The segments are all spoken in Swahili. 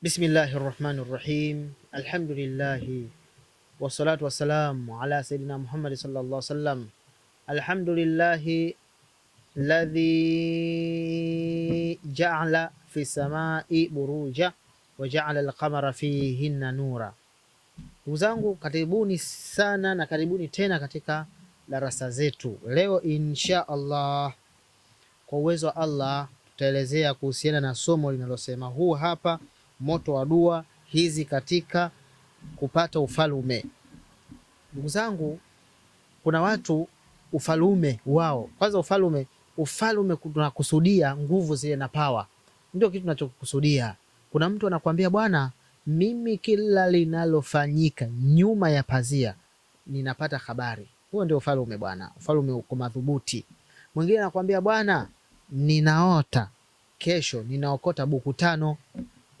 Bismillahi rahmani rahim, alhamdulillahi wassalatu wassalamu ala sayidina Muhammadi sallallahu wasallam. Alhamdulillahi ladhi jaala fi samai buruja wa jaala alqamara fihinna nura. Ndugu zangu, karibuni sana na karibuni tena katika darasa zetu. Leo insha Allah, kwa uwezo wa Allah, tutaelezea kuhusiana na somo linalosema huu hapa moto wa dua hizi katika kupata ufalume. Ndugu zangu, kuna watu ufalume wao kwanza, ufalume ufalume tunakusudia nguvu zile na pawa, ndio kitu tunachokusudia. Kuna mtu anakuambia bwana, mimi kila linalofanyika nyuma ya pazia ninapata habari. Huo ndio ufalume bwana, ufalume uko madhubuti. Mwingine anakuambia bwana, ninaota kesho ninaokota buku tano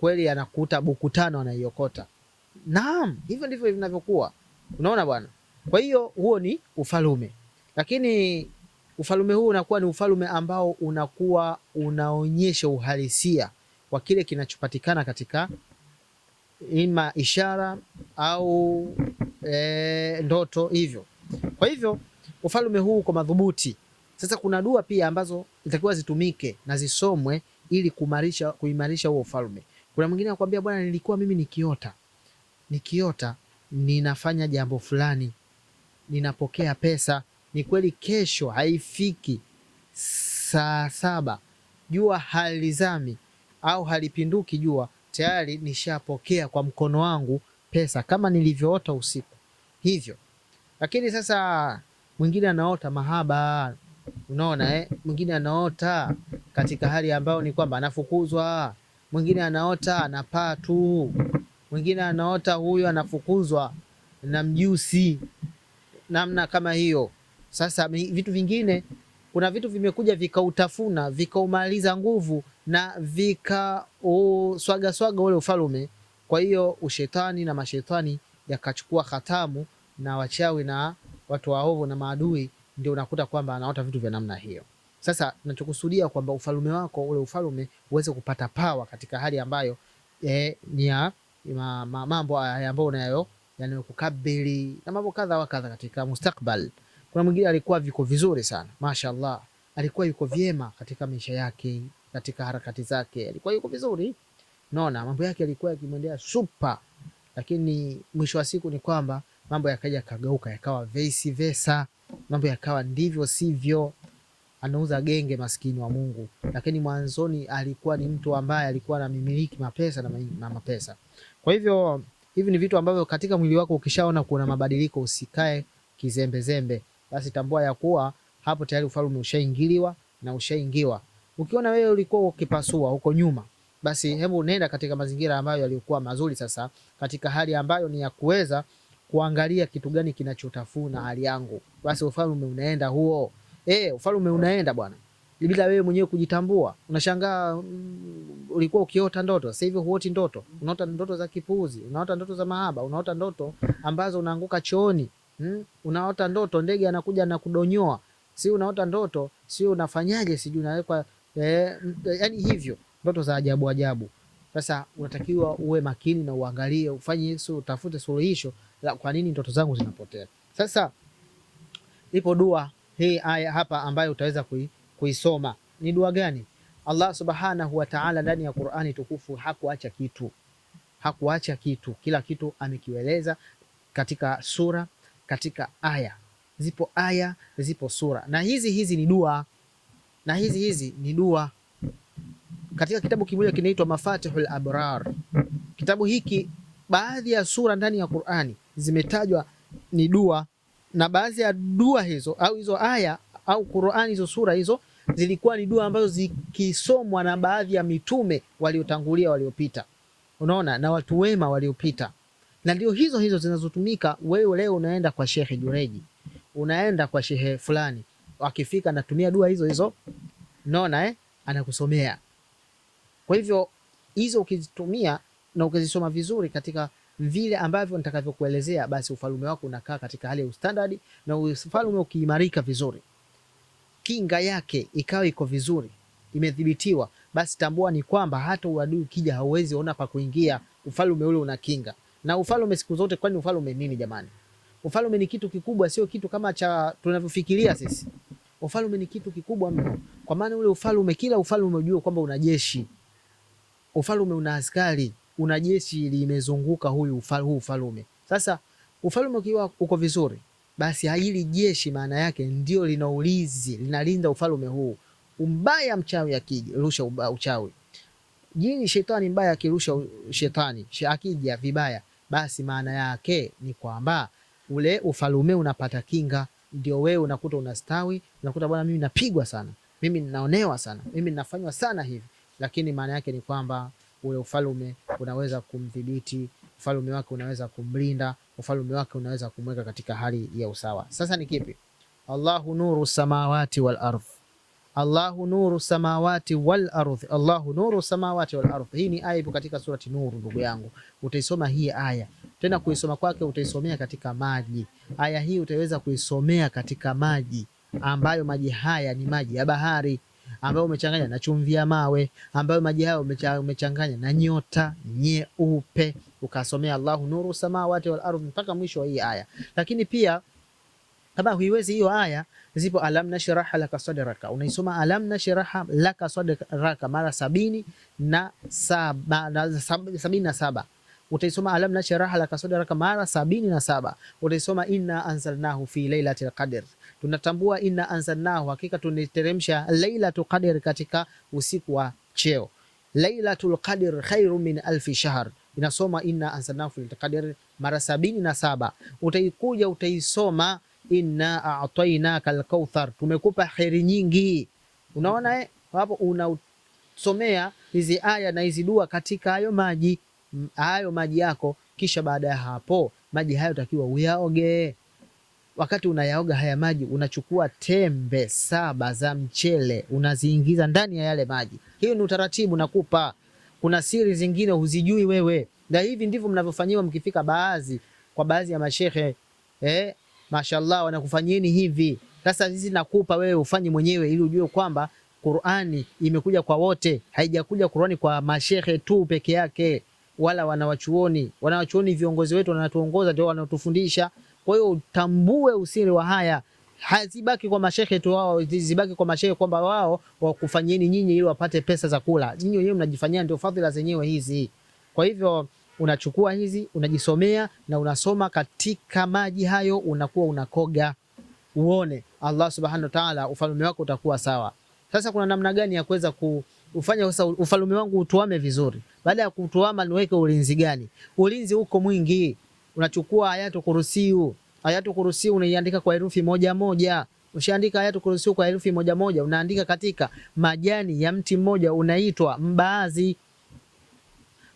kweli anakuta buku tano anaiokota. Naam, hivyo ndivyo vinavyokuwa. Unaona bwana. Kwa hiyo huo ni ufalume, lakini ufalume huu unakuwa ni ufalume ambao unakuwa unaonyesha uhalisia wa kile kinachopatikana katika ima ishara au e, ndoto hivyo. Kwa hivyo ufalume huu uko madhubuti. Sasa kuna dua pia ambazo itakiwa zitumike na zisomwe ili kuimarisha huo ufalume. Kuna mwingine anakuambia bwana, nilikuwa mimi nikiota nikiota ninafanya jambo fulani, ninapokea pesa. Ni kweli, kesho haifiki saa saba, jua halizami au halipinduki jua, tayari nishapokea kwa mkono wangu pesa kama nilivyoota usiku hivyo. Lakini sasa mwingine anaota mahaba, unaona eh? Mwingine anaota katika hali ambayo ni kwamba anafukuzwa mwingine anaota anapaa tu, mwingine anaota huyu anafukuzwa na mjusi, namna kama hiyo. Sasa vitu vingine, kuna vitu vimekuja vikautafuna vikaumaliza nguvu na vikauswagaswaga ule ufalume. Kwa hiyo ushetani na mashetani yakachukua hatamu na wachawi na watu waovu na maadui, ndio unakuta kwamba anaota vitu vya namna hiyo. Sasa nachokusudia kwamba ufalume wako ule ufalume uweze kupata power katika hali ambayo eh, ni ya ma, ma, mambo haya ambayo unayo yanayokukabili na mambo kadha wa kadha katika mustakbal. Kuna mwingine alikuwa viko vizuri sana, mashaallah, alikuwa yuko vyema katika maisha yake, katika harakati zake, alikuwa yuko vizuri, naona mambo yake yalikuwa yakimwendea super, lakini mwisho wa siku ni kwamba mambo yakaja kageuka, yakawa vesi vesa, mambo yakawa ndivyo sivyo anauza genge, maskini wa Mungu. Lakini mwanzoni alikuwa ni mtu ambaye alikuwa anamiliki mapesa na, na mapesa. Kwa hivyo hivi ni vitu ambavyo katika mwili wako ukishaona kuna mabadiliko, usikae kizembezembe, basi tambua ya kuwa hapo tayari ufalme ushaingiliwa na ushaingiwa. Ukiona wewe ulikuwa ukipasua huko nyuma, basi hebu nenda katika mazingira ambayo yalikuwa mazuri, sasa katika hali ambayo ni ya kuweza kuangalia kitu gani kinachotafuna hali yangu, basi ufalme unaenda huo eh, ufalme unaenda bwana bila wewe mwenyewe kujitambua. Unashangaa mm, ulikuwa ukiota ndoto, sasa hivi huoti ndoto, unaota ndoto za kipuuzi, unaota ndoto za mahaba, unaota ndoto ambazo unaanguka chooni hmm? Unaota ndoto ndege anakuja na kudonyoa, si unaota ndoto, si unafanyaje, sijui unawekwa eh, yani hivyo ndoto za ajabu ajabu. Sasa unatakiwa uwe makini na uangalie, ufanye so, utafute suluhisho la kwa nini ndoto zangu zinapotea. Sasa ipo dua hii aya hapa ambayo utaweza kuisoma ni dua gani? Allah subhanahu wa ta'ala ndani ya Qur'ani tukufu hakuacha kitu, hakuacha kitu. Kila kitu amekiweleza katika sura, katika aya. Zipo aya, zipo sura, na hizi hizi ni dua, na hizi hizi ni dua. Katika kitabu kimoja kinaitwa Mafatihul Abrar, kitabu hiki, baadhi ya sura ndani ya Qur'ani zimetajwa ni dua na baadhi ya dua hizo au hizo aya au Qur'ani hizo sura hizo zilikuwa ni dua ambazo zikisomwa na baadhi ya mitume waliotangulia waliopita, unaona, na watu wema waliopita, na ndio hizo hizo zinazotumika. Wewe leo unaenda kwa Shehe Jureji, unaenda kwa shehe fulani, akifika anatumia dua hizo hizo, unaona eh, anakusomea. Kwa hivyo hizo ukizitumia na ukizisoma vizuri katika vile ambavyo nitakavyokuelezea, basi ufalme wako unakaa katika hali ya ustandard, na ufalme ukiimarika vizuri, kinga yake ikawa iko vizuri, imedhibitiwa, basi tambua ni kwamba hata uadui ukija hauwezi ona pa kuingia. Ufalme ule una kinga na ufalme siku zote. Kwani ufalme nini jamani? Ufalme ni kitu kikubwa, sio kitu kama cha tunavyofikiria sisi. Ufalme ni kitu kikubwa mno, kwa maana ule ufalme, kila ufalme ujue kwamba una jeshi, ufalme una askari una jeshi limezunguka huyu ufal, huu ufalume. Sasa ufalume ukiwa uko vizuri, basi hili jeshi maana yake ndio linaulizi linalinda ufalume huu. Umbaya mchawi rusha uchawi, jini shetani mbaya akirusha shetani, akija vibaya, basi maana yake ni kwamba ule ufalume unapata kinga. Ndio wewe unakuta unastawi, unakuta bwana, mimi napigwa sana, mimi ninaonewa sana, mimi ninafanywa sana hivi, lakini maana yake ni kwamba ule ufalume unaweza kumdhibiti, ufalume wake unaweza kumlinda, ufalume wake unaweza kumweka katika hali ya usawa. Sasa ni kipi? Allahu nuru samawati wal ardh, Allahu nuru samawati wal ardh, Allahu nuru samawati wal ardh. Hii ni aya ipo katika surati Nuru, ndugu yangu, utaisoma hii aya tena. Kuisoma kwake utaisomea katika maji. Aya hii utaweza kuisomea katika maji ambayo maji haya ni maji ya bahari ambayo umechanganya na chumvi ya mawe, ambayo maji hayo umechanganya na nyota nyeupe, ukasomea Allahu nuru samawati wal ardhi mpaka mwisho wa hii aya. Lakini pia kama huiwezi hiyo aya, zipo alam nashraha laka sadraka, unaisoma alam nashraha laka sadraka mara sabini na saba, na sabini na saba utaisoma alam nashraha laka sadraka mara sabini na saba utaisoma inna anzalnahu fi lailatil qadr tunatambua inna anzalnahu, hakika tuniteremsha Lailatul Qadr katika usiku wa cheo. Lailatul Qadr khairu min alfi shahr, inasoma inna anzalnahu fil qadr mara sabini na saba. Utaikuja utaisoma inna a'tainaka alkauthar, tumekupa heri nyingi. Unaona eh, hapo unasomea hizi aya na hizi dua katika hayo maji hayo maji yako, kisha baada ya hapo maji hayo takiwa uyaoge wakati unayaoga haya maji unachukua tembe saba za mchele unaziingiza ndani ya yale maji. Hiyo ni utaratibu nakupa. Kuna siri zingine huzijui wewe, na hivi ndivyo mnavyofanyiwa mkifika baadhi kwa baadhi ya mashehe eh, mashallah wanakufanyieni hivi. Sasa hizi nakupa wewe ufanye mwenyewe, ili ujue kwamba Qur'ani imekuja kwa wote, haijakuja Qur'ani kwa mashehe tu peke yake, wala wanawachuoni. Wanawachuoni viongozi wetu wanatuongoza, ndio wanatufundisha kwa hiyo utambue usiri wa haya, hazibaki kwa mashehe tu wao, zibaki kwa mashehe kwamba wao wakufanyieni nyinyi ili wapate pesa za kula. Nyinyi wenyewe mnajifanyia, ndio fadhila zenyewe hizi. Kwa hivyo unachukua hizi unajisomea na unasoma katika maji hayo, unakuwa unakoga, uone Allah subhanahu wa ta'ala, ufalme wako utakuwa sawa. Sasa kuna namna gani ya kuweza kufanya sasa ufalme wangu utuame vizuri? Baada ya kutuama niweke ulinzi gani? Ulinzi uko mwingi unachukua ayatu kurusiu, ayatu kurusiu unaiandika kwa herufi moja moja. Ushaandika ayatu kurusiu kwa herufi moja moja, unaandika katika majani ya mti mmoja unaitwa mbaazi.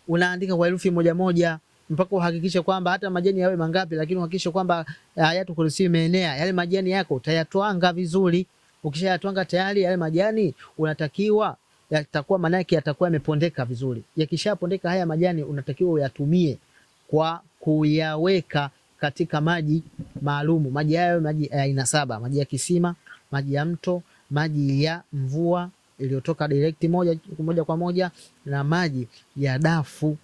Unaandika kwa herufi moja moja mpaka uhakikishe kwamba hata majani yawe mangapi, lakini uhakikishe kwamba eh, ayatu kurusiu imeenea. Yale majani yako utayatwanga vizuri. Ukishayatwanga tayari yale majani unatakiwa yatakuwa maana yake yatakuwa yamepondeka vizuri. Yakishapondeka haya majani unatakiwa uyatumie kwa kuyaweka katika maji maalumu. Maji hayo maji ya aina saba: maji ya kisima, maji ya mto, maji ya mvua iliyotoka direkti moja, moja kwa moja na maji ya dafu.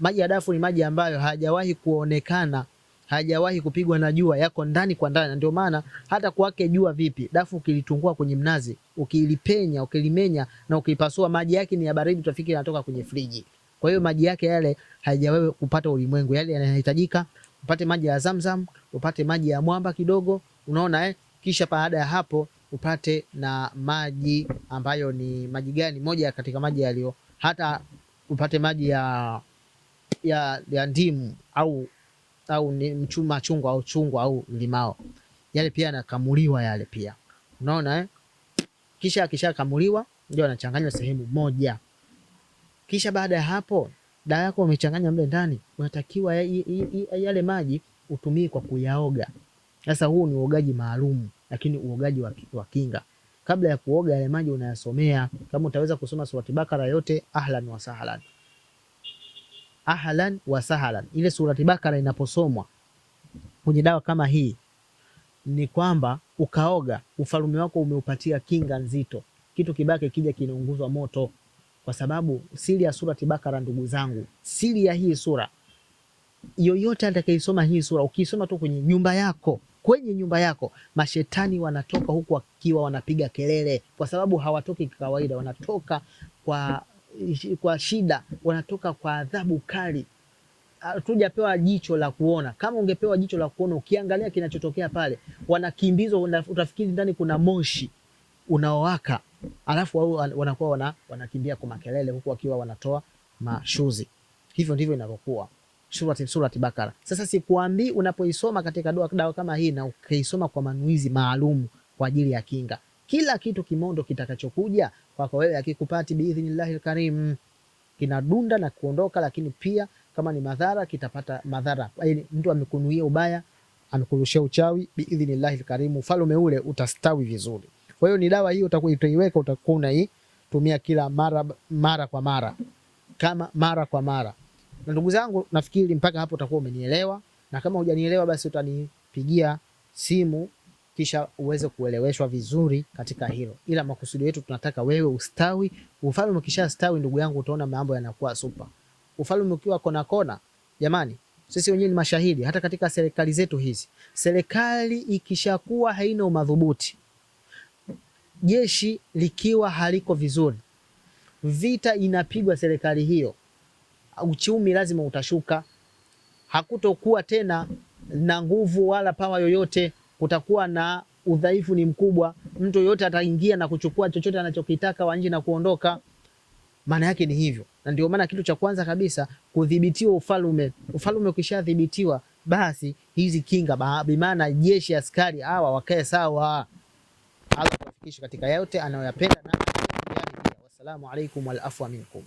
Maji ya dafu ni maji ambayo hajawahi kuonekana hajawahi kupigwa na jua, yako ndani kwa ndani. Ndio maana hata kwake jua vipi, dafu ukilitungua kwenye mnazi, ukilipenya, ukilimenya na ukipasua maji yake ni ya baridi, utafiki inatoka kwenye friji. Kwa hiyo maji yake yale haijawahi kupata ulimwengu, yale yanahitajika upate maji ya Zamzam, upate maji ya mwamba kidogo, unaona eh? Kisha baada ya hapo upate na maji ambayo ni maji gani? Moja katika maji yaliyo hata upate maji ya, ya, ya ndimu au au ni mchuma chungwa au chungwa au limao, yale pia yanakamuliwa yale pia unaona eh? Kisha akishakamuliwa ndio anachanganywa sehemu moja. Kisha baada ya hapo dawa yako umechanganya mle ndani, unatakiwa yale maji utumie kwa kuyaoga. Sasa huu ni uogaji maalum, lakini uogaji wa kinga. Kabla ya kuoga yale maji unayasomea, kama utaweza kusoma surati Bakara yote, ahlan wa sahlan, ahlan wa sahlan. Ile surati Bakara inaposomwa kwenye dawa kama hii, ni kwamba ukaoga, ufalume wako umeupatia kinga nzito, kitu kibake kija kinaunguzwa moto kwa sababu siri ya surati Bakara, ndugu zangu, siri ya hii sura, yoyote atakayesoma hii sura, ukisoma tu kwenye nyumba yako, kwenye nyumba yako, mashetani wanatoka huku wakiwa wanapiga kelele, kwa sababu hawatoki kawaida, wanatoka kwa kwa shida, wanatoka kwa adhabu kali. Ah, hatujapewa jicho la kuona. Kama ungepewa jicho la kuona, ukiangalia kinachotokea pale, wanakimbizwa, utafikiri ndani kuna moshi unaowaka alafu wao wanakuwa wana, wanakimbia kwa makelele huku wakiwa wanatoa mashuzi. Hivyo ndivyo inavyokuwa surati, surati Bakara. Sasa sikuambi unapoisoma katika dua dawa kama hii na ukaisoma kwa manuizi maalum kwa ajili ya kinga, kila kitu kimondo kitakachokuja kwako wewe akikupati biidhnillahi karim kinadunda na kuondoka, lakini pia kama ni madhara kitapata madhara. Yaani mtu amekunuia ubaya amekurushia uchawi, biidhnillahi lkarimu, ufalume ule utastawi vizuri. Kwa hiyo ni dawa hiyo utaiweka, utakuwa unaitumia kila mara, mara kwa mara kama mara kwa mara. Na ndugu zangu, nafikiri mpaka hapo utakuwa umenielewa, na kama hujanielewa basi utanipigia simu kisha uweze kueleweshwa vizuri katika hilo, ila makusudi yetu tunataka wewe ustawi. Ufalme ukisha stawi, ndugu yangu, utaona mambo yanakuwa supa. Ufalme ukiwa kona kona, jamani, sisi wenyewe ni mashahidi. Hata katika serikali zetu hizi, serikali ikishakuwa haina umadhubuti, jeshi likiwa haliko vizuri, vita inapigwa serikali hiyo, uchumi lazima utashuka, hakutokuwa tena na nguvu wala pawa yoyote, kutakuwa na udhaifu ni mkubwa, mtu yoyote ataingia na kuchukua chochote anachokitaka wa nje na kuondoka. Maana yake ni hivyo, na ndio maana kitu cha kwanza kabisa kudhibitiwa ufalume. Ufalume ukishadhibitiwa basi hizi kinga, bimaana jeshi, askari hawa wakae sawa kuyafikisha katika yote anayoyapenda na wassalamu alaikum wal afwa minkum.